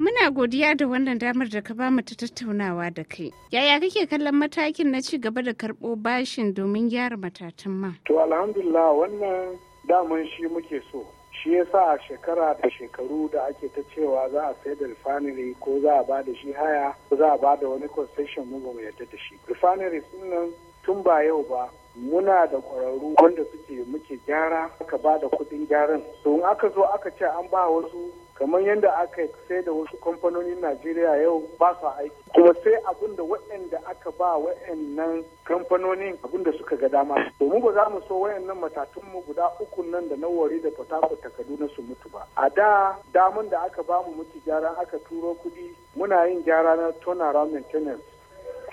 Muna godiya da wannan damar da ka bamu ta tattaunawa da kai. Yaya kake kallon matakin na ci gaba da karɓo bashin domin gyara matatan man? To alhamdulillah wannan daman shi muke so. Shi yasa a shekara da shekaru da ake ta cewa za a sayar da refinery ko za a da shi haya ko za a bada wani concession mu ba mu yarda da shi. Refinery sun nan tun ba yau ba muna da ƙwararru wanda suke muke gyara aka ba da kuɗin gyaran to aka zo aka ce an ba wasu kamar yadda aka sai da wasu kamfanonin najeriya yau ba su aiki kuma sai abin da waɗanda aka ba waɗannan kamfanonin abin da suka ga dama domin ba za mu so waɗannan matatun mu guda uku nan da nawari da fatako ta kaduna su mutu ba a da daman da aka ba mu mutu gyara aka turo kuɗi muna yin gyara na turnaround maintenance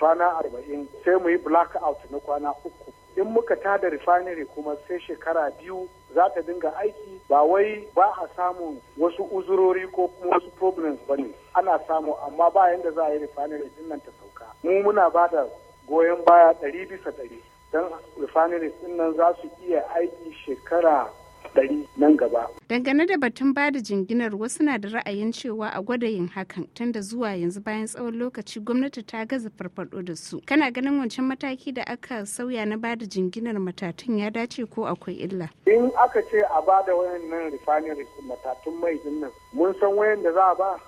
kwana arba'in sai mu yi black-out na kwana uku in muka tada refinery kuma sai shekara biyu za ta dinga aiki ba wai ba a samun wasu uzurori ko kuma wasu problems ba ne ana samu amma ba yadda za a yi refinery din nan ta sauka mu muna ba da goyon baya ɗari bisa ɗari don refinery din nan za su iya aiki shekara ɗari nan gaba. Dangane da batun ba da jinginar wasu na da ra'ayin cewa a gwada yin hakan tun da zuwa yanzu bayan tsawon lokaci gwamnati ta gaza farfado da su. Kana ganin wancan mataki da aka sauya na ba da jinginar matatun ya dace ko akwai illa? In aka ce a ba da wayannan refinery matatun mai dinnan mun san wayan da za a ba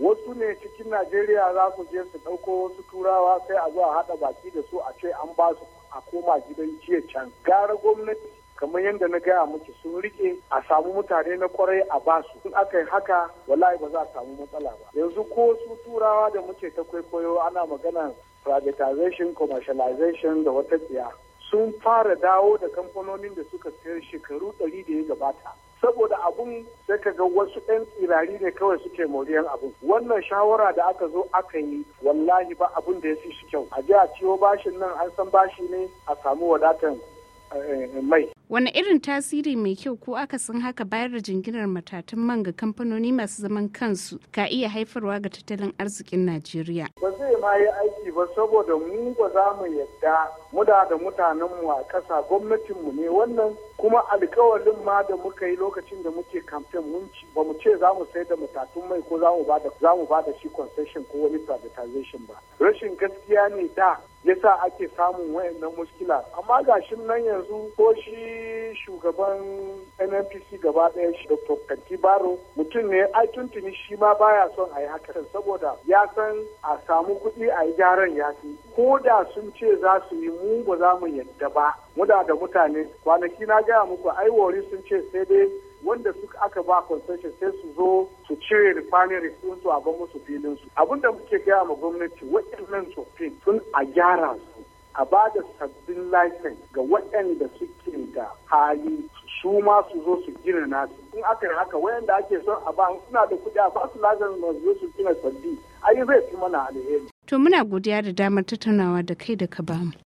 wasu ne cikin najeriya za su je su ɗauko wasu turawa sai a zo a haɗa baki da su a ce an ba su a koma gidan jiya can gara gwamnati kamar yadda na gaya miki sun rike a samu mutane na kwarai a basu in aka yi haka wallahi ba za a samu matsala ba yanzu ko su turawa da muke ta kwaikwayo ana magana privatization commercialization da wata tsiya sun fara dawo da kamfanonin da suka sayar shekaru ɗari da ya gabata saboda abun sai ka ga wasu 'yan tsirari ne kawai suke moriyan abun wannan shawara da aka zo aka yi wallahi ba abun da ya fi shi kyau a ji a ciwo bashin nan an san bashi ne a samu wadatan eh, eh, mai wani irin tasiri mai kyau ko aka akasin haka bayar da jinginar matatan man ga kamfanoni masu zaman kansu ka iya haifarwa ga tattalin arzikin najeriya ba zai ma yi aiki ba saboda mu ba za mu yadda muda da mu a gwamnatin gwamnatinmu ne wannan kuma alkawalin ma da muka yi lokacin da muke kamfen munci ba mu ce za mu sai da matatun mai ko za mu ba da shi concession ko wani privatization ba rashin gaskiya ne da yasa ake samun wayannan muskila amma gashin nan yanzu ko shi shugaban nnpc gaba ɗaya shi dr kanti baro mutum ne ai tuntuni shi ma baya son a yi haka saboda ya san a samu kuɗi a yi gyaran ya fi ko da sun ce za su yi mu ba za mu yadda ba muda da mutane kwanaki na gaya muku aiwori sun ce sai dai wanda su aka ba concession sai su zo su cire refinery sun su a ba su filin su abin da muke gaya ma gwamnati waɗannan tsofin tun a gyara su a ba da sabbin license ga waɗanda suke da hali su ma su zo su gina nasu in aka yi haka wayanda ake son a ba suna da kuɗi a ba su lajin ma zo su gina sabbi ai zai fi mana alheri. To muna godiya da damar tattaunawa da kai da ka bamu.